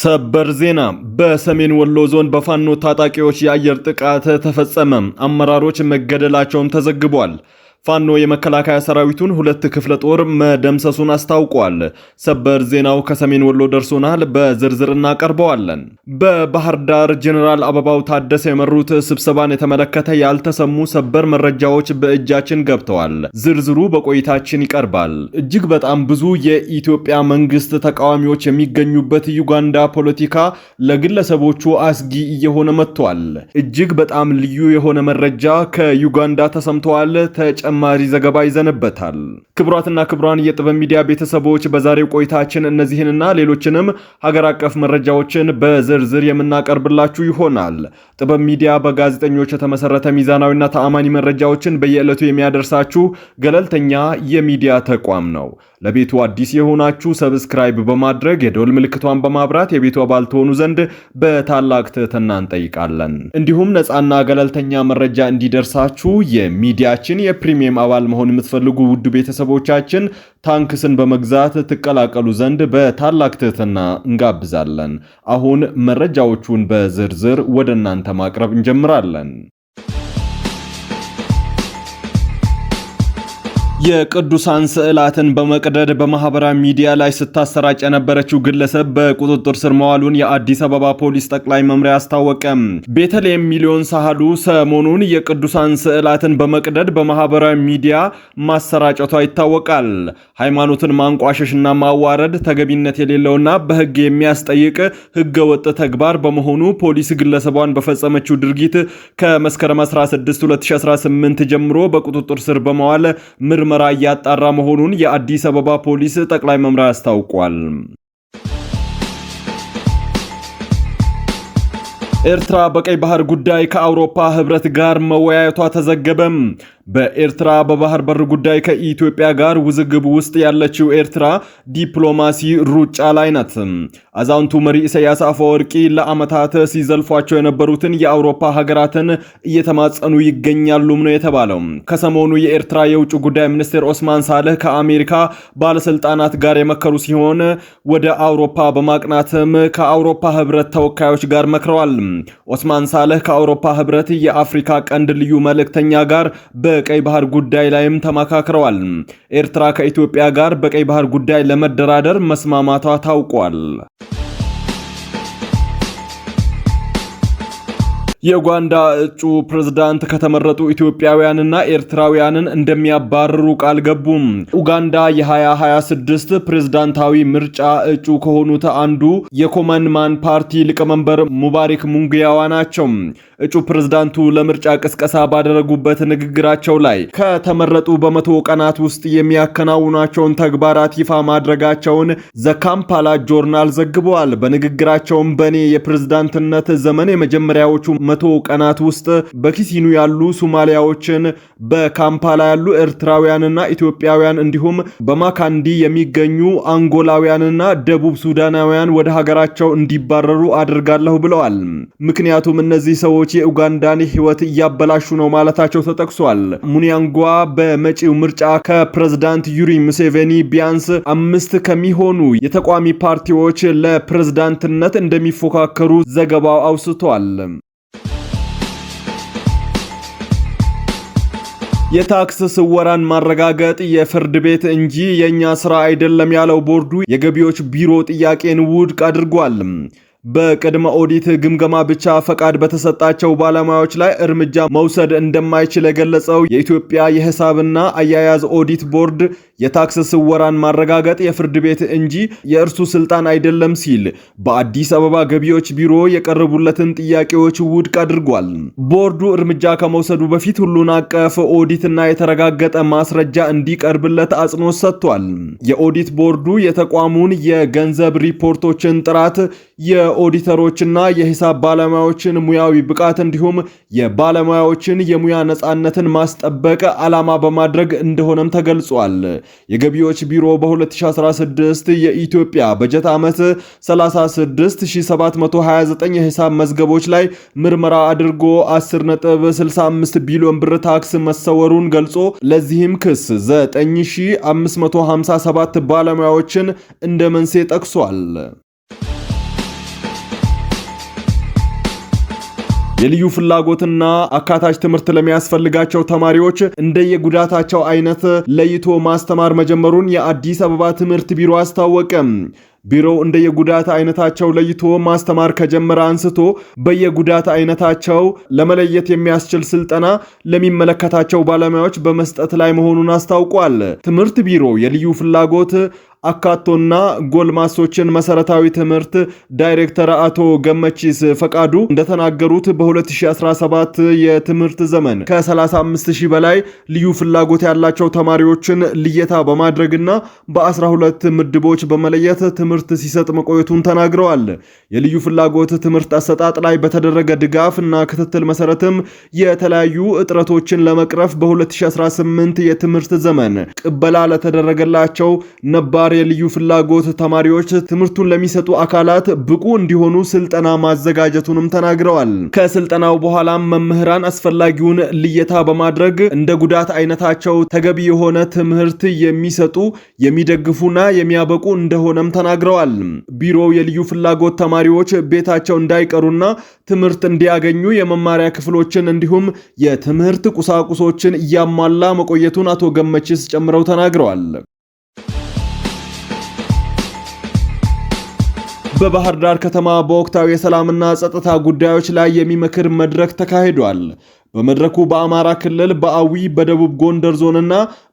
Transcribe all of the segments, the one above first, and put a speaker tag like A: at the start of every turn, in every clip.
A: ሰበር ዜና በሰሜን ወሎ ዞን በፋኖ ታጣቂዎች የአየር ጥቃት ተፈጸመ። አመራሮች መገደላቸውም ተዘግቧል። ፋኖ የመከላከያ ሰራዊቱን ሁለት ክፍለ ጦር መደምሰሱን አስታውቋል። ሰበር ዜናው ከሰሜን ወሎ ደርሶናል፣ በዝርዝር እናቀርበዋለን። በባህር ዳር ጀኔራል አበባው ታደሰ የመሩት ስብሰባን የተመለከተ ያልተሰሙ ሰበር መረጃዎች በእጃችን ገብተዋል። ዝርዝሩ በቆይታችን ይቀርባል። እጅግ በጣም ብዙ የኢትዮጵያ መንግስት ተቃዋሚዎች የሚገኙበት ዩጋንዳ ፖለቲካ ለግለሰቦቹ አስጊ እየሆነ መጥቷል። እጅግ በጣም ልዩ የሆነ መረጃ ከዩጋንዳ ተሰምተዋል። ተጨ ተጨማሪ ዘገባ ይዘንበታል። ክቡራትና ክቡራን የጥበብ ሚዲያ ቤተሰቦች በዛሬው ቆይታችን እነዚህንና ሌሎችንም ሀገር አቀፍ መረጃዎችን በዝርዝር የምናቀርብላችሁ ይሆናል። ጥበብ ሚዲያ በጋዜጠኞች የተመሰረተ ሚዛናዊና ተአማኒ መረጃዎችን በየዕለቱ የሚያደርሳችሁ ገለልተኛ የሚዲያ ተቋም ነው። ለቤቱ አዲስ የሆናችሁ ሰብስክራይብ በማድረግ የደወል ምልክቷን በማብራት የቤቱ አባል ትሆኑ ዘንድ በታላቅ ትህትና እንጠይቃለን። እንዲሁም ነፃና ገለልተኛ መረጃ እንዲደርሳችሁ የሚዲያችን የፕሪ የፕሪሚየም አባል መሆን የምትፈልጉ ውድ ቤተሰቦቻችን ታንክስን በመግዛት ትቀላቀሉ ዘንድ በታላቅ ትህትና እንጋብዛለን። አሁን መረጃዎቹን በዝርዝር ወደ እናንተ ማቅረብ እንጀምራለን።
B: የቅዱሳን ስዕላትን በመቅደድ በማህበራዊ ሚዲያ ላይ ስታሰራጭ የነበረችው ግለሰብ በቁጥጥር ስር መዋሉን የአዲስ አበባ ፖሊስ ጠቅላይ መምሪያ አስታወቀ ቤተልሔም ሚሊዮን ሳህሉ ሰሞኑን የቅዱሳን ስዕላትን በመቅደድ በማህበራዊ ሚዲያ ማሰራጨቷ ይታወቃል። ሃይማኖትን ማንቋሸሽና ማዋረድ ተገቢነት የሌለውና በህግ የሚያስጠይቅ ህገወጥ ተግባር በመሆኑ ፖሊስ ግለሰቧን በፈጸመችው ድርጊት ከመስከረም 16 2018 ጀምሮ በቁጥጥር ስር በመዋል ምር ምርመራ እያጣራ መሆኑን የአዲስ አበባ ፖሊስ ጠቅላይ መምሪያ አስታውቋል። ኤርትራ በቀይ ባህር ጉዳይ ከአውሮፓ ህብረት ጋር መወያየቷ ተዘገበም። በኤርትራ በባህር በር ጉዳይ ከኢትዮጵያ ጋር ውዝግብ ውስጥ ያለችው ኤርትራ ዲፕሎማሲ ሩጫ ላይ ናት። አዛውንቱ መሪ ኢሳያስ አፈወርቂ ለዓመታት ሲዘልፏቸው የነበሩትን የአውሮፓ ሀገራትን እየተማጸኑ ይገኛሉም ነው የተባለው። ከሰሞኑ የኤርትራ የውጭ ጉዳይ ሚኒስትር ኦስማን ሳልህ ከአሜሪካ ባለስልጣናት ጋር የመከሩ ሲሆን ወደ አውሮፓ በማቅናትም ከአውሮፓ ህብረት ተወካዮች ጋር መክረዋል። ኦስማን ሳልህ ከአውሮፓ ህብረት የአፍሪካ ቀንድ ልዩ መልእክተኛ ጋር በ በቀይ ባህር ጉዳይ ላይም ተመካክረዋል። ኤርትራ ከኢትዮጵያ ጋር በቀይ ባህር ጉዳይ ለመደራደር መስማማቷ ታውቋል። የኡጋንዳ እጩ ፕሬዝዳንት ከተመረጡ ኢትዮጵያውያንና ኤርትራውያንን እንደሚያባርሩ ቃል ገቡም። ኡጋንዳ የ2026 ፕሬዝዳንታዊ ምርጫ እጩ ከሆኑት አንዱ የኮመን ማን ፓርቲ ሊቀመንበር ሙባሪክ ሙንግያዋ ናቸው። እጩ ፕሬዝዳንቱ ለምርጫ ቅስቀሳ ባደረጉበት ንግግራቸው ላይ ከተመረጡ በመቶ ቀናት ውስጥ የሚያከናውኗቸውን ተግባራት ይፋ ማድረጋቸውን ዘካምፓላ ጆርናል ዘግበዋል። በንግግራቸውም በእኔ የፕሬዝዳንትነት ዘመን የመጀመሪያዎቹ መቶ ቀናት ውስጥ በኪሲኑ ያሉ ሱማሊያዎችን በካምፓላ ያሉ ኤርትራውያንና ኢትዮጵያውያን እንዲሁም በማካንዲ የሚገኙ አንጎላውያንና ደቡብ ሱዳናውያን ወደ ሀገራቸው እንዲባረሩ አድርጋለሁ ብለዋል። ምክንያቱም እነዚህ ሰዎች የኡጋንዳን ሕይወት እያበላሹ ነው ማለታቸው ተጠቅሷል። ሙኒያንጓ በመጪው ምርጫ ከፕሬዝዳንት ዩሪ ሙሴቬኒ ቢያንስ አምስት ከሚሆኑ የተቋሚ ፓርቲዎች ለፕሬዝዳንትነት እንደሚፎካከሩ ዘገባው አውስቷል። የታክስ ስወራን ማረጋገጥ የፍርድ ቤት እንጂ የእኛ ስራ አይደለም ያለው ቦርዱ የገቢዎች ቢሮ ጥያቄን ውድቅ አድርጓል። በቅድመ ኦዲት ግምገማ ብቻ ፈቃድ በተሰጣቸው ባለሙያዎች ላይ እርምጃ መውሰድ እንደማይችል የገለጸው የኢትዮጵያ የሂሳብና አያያዝ ኦዲት ቦርድ የታክስ ስወራን ማረጋገጥ የፍርድ ቤት እንጂ የእርሱ ስልጣን አይደለም ሲል በአዲስ አበባ ገቢዎች ቢሮ የቀረቡለትን ጥያቄዎች ውድቅ አድርጓል። ቦርዱ እርምጃ ከመውሰዱ በፊት ሁሉን አቀፍ ኦዲትና የተረጋገጠ ማስረጃ እንዲቀርብለት አጽንኦት ሰጥቷል። የኦዲት ቦርዱ የተቋሙን የገንዘብ ሪፖርቶችን ጥራት፣ የኦዲተሮችና የሂሳብ ባለሙያዎችን ሙያዊ ብቃት እንዲሁም የባለሙያዎችን የሙያ ነጻነትን ማስጠበቅ ዓላማ በማድረግ እንደሆነም ተገልጿል። የገቢዎች ቢሮ በ2016 የኢትዮጵያ በጀት ዓመት 36729 የሂሳብ መዝገቦች ላይ ምርመራ አድርጎ 10.65 ቢሊዮን ብር ታክስ መሰወሩን ገልጾ ለዚህም ክስ 9557 ባለሙያዎችን እንደ መንሴ ጠቅሷል። የልዩ ፍላጎትና አካታች ትምህርት ለሚያስፈልጋቸው ተማሪዎች እንደየጉዳታቸው አይነት ለይቶ ማስተማር መጀመሩን የአዲስ አበባ ትምህርት ቢሮ አስታወቀም። ቢሮው እንደየጉዳት አይነታቸው ለይቶ ማስተማር ከጀመረ አንስቶ በየጉዳት አይነታቸው ለመለየት የሚያስችል ስልጠና ለሚመለከታቸው ባለሙያዎች በመስጠት ላይ መሆኑን አስታውቋል። ትምህርት ቢሮ የልዩ ፍላጎት አካቶና ጎልማሶችን መሰረታዊ ትምህርት ዳይሬክተር አቶ ገመቺስ ፈቃዱ እንደተናገሩት በ2017 የትምህርት ዘመን ከ35000 በላይ ልዩ ፍላጎት ያላቸው ተማሪዎችን ልየታ በማድረግና በ12 ምድቦች በመለየት ትምህርት ሲሰጥ መቆየቱን ተናግረዋል። የልዩ ፍላጎት ትምህርት አሰጣጥ ላይ በተደረገ ድጋፍ እና ክትትል መሰረትም የተለያዩ እጥረቶችን ለመቅረፍ በ2018 የትምህርት ዘመን ቅበላ ለተደረገላቸው ነባር ተግባር የልዩ ፍላጎት ተማሪዎች ትምህርቱን ለሚሰጡ አካላት ብቁ እንዲሆኑ ስልጠና ማዘጋጀቱንም ተናግረዋል። ከስልጠናው በኋላም መምህራን አስፈላጊውን ልየታ በማድረግ እንደ ጉዳት አይነታቸው ተገቢ የሆነ ትምህርት የሚሰጡ የሚደግፉና የሚያበቁ እንደሆነም ተናግረዋል። ቢሮው የልዩ ፍላጎት ተማሪዎች ቤታቸው እንዳይቀሩና ትምህርት እንዲያገኙ የመማሪያ ክፍሎችን እንዲሁም የትምህርት ቁሳቁሶችን እያሟላ መቆየቱን አቶ ገመችስ ጨምረው ተናግረዋል። በባህር ዳር ከተማ በወቅታዊ የሰላምና ጸጥታ ጉዳዮች ላይ የሚመክር መድረክ ተካሂዷል። በመድረኩ በአማራ ክልል በአዊ በደቡብ ጎንደር ዞንና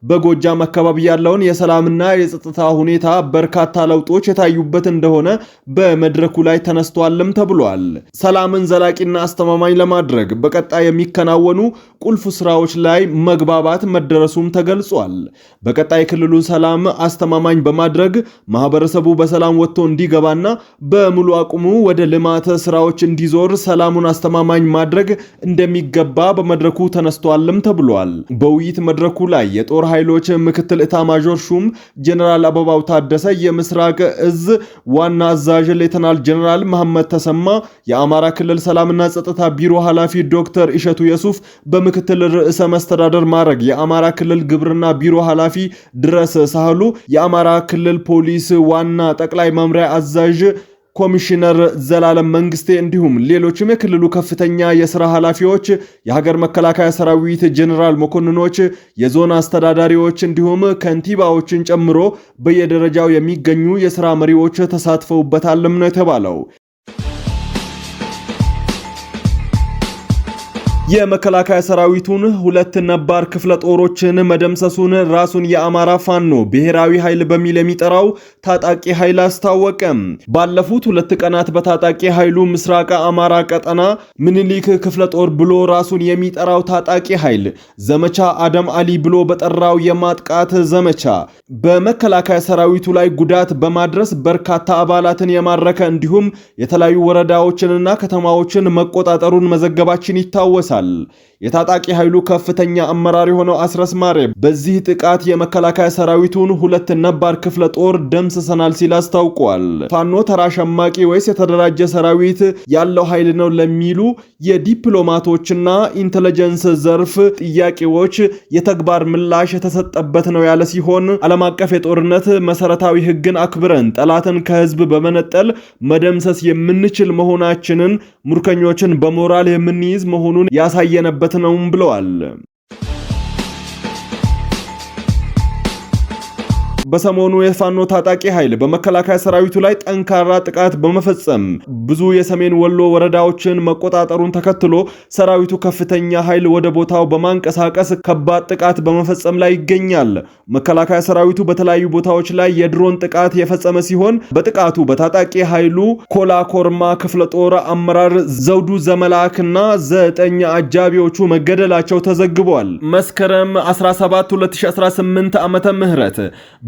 B: በጎጃም አካባቢ ያለውን የሰላምና የጸጥታ ሁኔታ በርካታ ለውጦች የታዩበት እንደሆነ በመድረኩ ላይ ተነስቷልም ተብሏል። ሰላምን ዘላቂና አስተማማኝ ለማድረግ በቀጣይ የሚከናወኑ ቁልፍ ስራዎች ላይ መግባባት መደረሱም ተገልጿል። በቀጣይ የክልሉ ሰላም አስተማማኝ በማድረግ ማህበረሰቡ በሰላም ወጥቶ እንዲገባና በሙሉ አቁሙ ወደ ልማት ስራዎች እንዲዞር ሰላሙን አስተማማኝ ማድረግ እንደሚገባ በመድረኩ ተነስቷልም ተብሏል። በውይይት መድረኩ ላይ የጦር ኃይሎች ምክትል ኢታማዦር ሹም ጀነራል አበባው ታደሰ፣ የምስራቅ እዝ ዋና አዛዥ ሌተናል ጀነራል መሐመድ ተሰማ፣ የአማራ ክልል ሰላምና ጸጥታ ቢሮ ኃላፊ ዶክተር ኢሸቱ የሱፍ፣ በምክትል ርዕሰ መስተዳደር ማድረግ የአማራ ክልል ግብርና ቢሮ ኃላፊ ድረስ ሳህሉ፣ የአማራ ክልል ፖሊስ ዋና ጠቅላይ መምሪያ አዛዥ ኮሚሽነር ዘላለም መንግስቴ እንዲሁም ሌሎችም የክልሉ ከፍተኛ የስራ ኃላፊዎች፣ የሀገር መከላከያ ሰራዊት ጀኔራል መኮንኖች፣ የዞን አስተዳዳሪዎች እንዲሁም ከንቲባዎችን ጨምሮ በየደረጃው የሚገኙ የስራ መሪዎች ተሳትፈውበታልም ነው የተባለው። የመከላከያ ሰራዊቱን ሁለት ነባር ክፍለ ጦሮችን መደምሰሱን ራሱን የአማራ ፋኖ ብሔራዊ ኃይል በሚል የሚጠራው ታጣቂ ኃይል አስታወቀም። ባለፉት ሁለት ቀናት በታጣቂ ኃይሉ ምስራቅ አማራ ቀጠና ምኒልክ ክፍለ ጦር ብሎ ራሱን የሚጠራው ታጣቂ ኃይል ዘመቻ አደም አሊ ብሎ በጠራው የማጥቃት ዘመቻ በመከላከያ ሰራዊቱ ላይ ጉዳት በማድረስ በርካታ አባላትን የማረከ እንዲሁም የተለያዩ ወረዳዎችንና ከተማዎችን መቆጣጠሩን መዘገባችን ይታወሳል። ይጠቀሳል። የታጣቂ ኃይሉ ከፍተኛ አመራር የሆነው አስረስ ማሬ በዚህ ጥቃት የመከላከያ ሰራዊቱን ሁለት ነባር ክፍለ ጦር ደምስሰናል ሲል አስታውቋል። ፋኖ ተራ ሸማቂ ወይስ የተደራጀ ሰራዊት ያለው ኃይል ነው ለሚሉ የዲፕሎማቶችና ኢንተለጀንስ ዘርፍ ጥያቄዎች የተግባር ምላሽ የተሰጠበት ነው ያለ ሲሆን ዓለም አቀፍ የጦርነት መሰረታዊ ህግን አክብረን ጠላትን ከህዝብ በመነጠል መደምሰስ የምንችል መሆናችንን ሙርከኞችን በሞራል የምንይዝ መሆኑን ያሳየነበት ነውም ብለዋል። በሰሞኑ የፋኖ ታጣቂ ኃይል በመከላከያ ሰራዊቱ ላይ ጠንካራ ጥቃት በመፈጸም ብዙ የሰሜን ወሎ ወረዳዎችን መቆጣጠሩን ተከትሎ ሰራዊቱ ከፍተኛ ኃይል ወደ ቦታው በማንቀሳቀስ ከባድ ጥቃት በመፈጸም ላይ ይገኛል። መከላከያ ሰራዊቱ በተለያዩ ቦታዎች ላይ የድሮን ጥቃት የፈጸመ ሲሆን በጥቃቱ በታጣቂ ኃይሉ ኮላኮርማ ክፍለ ጦር አመራር ዘውዱ ዘመላክና ዘጠኝ አጃቢዎቹ መገደላቸው ተዘግቧል። መስከረም 17 2018 ዓመተ ምህረት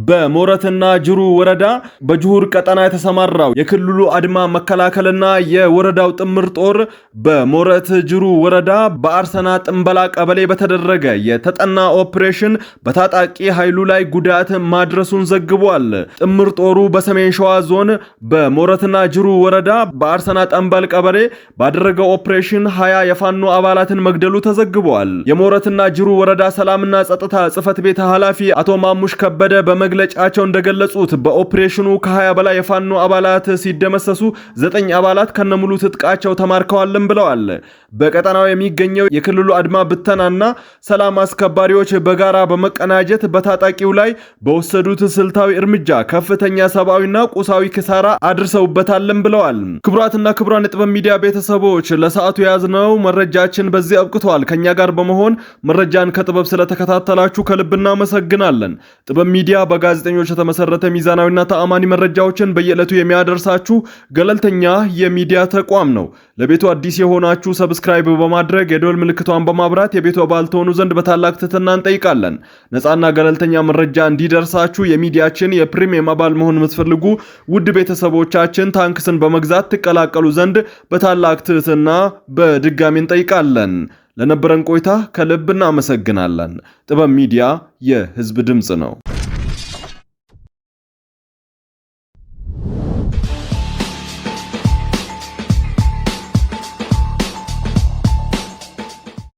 B: በሞረትና ጅሩ ወረዳ በጅሁር ቀጠና የተሰማራው የክልሉ አድማ መከላከልና የወረዳው ጥምር ጦር በሞረት ጅሩ ወረዳ በአርሰና ጥንበላ ቀበሌ በተደረገ የተጠና ኦፕሬሽን በታጣቂ ኃይሉ ላይ ጉዳት ማድረሱን ዘግቧል። ጥምር ጦሩ በሰሜን ሸዋ ዞን በሞረትና ጅሩ ወረዳ በአርሰና ጠንበል ቀበሌ ባደረገው ኦፕሬሽን ሀያ የፋኖ አባላትን መግደሉ ተዘግቧል። የሞረትና ጅሩ ወረዳ ሰላምና ጸጥታ ጽህፈት ቤት ኃላፊ አቶ ማሙሽ ከበደ በመግለ በመግለጫቸው እንደገለጹት በኦፕሬሽኑ ከ20 በላይ የፋኖ አባላት ሲደመሰሱ ዘጠኝ አባላት ከነሙሉ ትጥቃቸው ተማርከዋልም ብለዋል። በቀጠናው የሚገኘው የክልሉ አድማ ብተናና ሰላም አስከባሪዎች በጋራ በመቀናጀት በታጣቂው ላይ በወሰዱት ስልታዊ እርምጃ ከፍተኛ ሰብአዊና ቁሳዊ ክሳራ አድርሰውበታልም ብለዋል። ክቡራትና ክቡራን የጥበብ ሚዲያ ቤተሰቦች ለሰዓቱ የያዝነው መረጃችን በዚህ አብቅተዋል። ከእኛ ጋር በመሆን መረጃን ከጥበብ ስለተከታተላችሁ ከልብ እናመሰግናለን። ጥበብ ሚዲያ በጋ ጋዜጠኞች የተመሰረተ ሚዛናዊና ተአማኒ መረጃዎችን በየዕለቱ የሚያደርሳችሁ ገለልተኛ የሚዲያ ተቋም ነው። ለቤቱ አዲስ የሆናችሁ ሰብስክራይብ በማድረግ የደወል ምልክቷን በማብራት የቤቱ አባል ትሆኑ ዘንድ በታላቅ ትህትና እንጠይቃለን። ነፃና ገለልተኛ መረጃ እንዲደርሳችሁ የሚዲያችን የፕሪሚየም አባል መሆን የምትፈልጉ ውድ ቤተሰቦቻችን ታንክስን በመግዛት ትቀላቀሉ ዘንድ በታላቅ ትህትና በድጋሚ እንጠይቃለን። ለነበረን ቆይታ ከልብ እናመሰግናለን። ጥበብ ሚዲያ የህዝብ ድምፅ ነው።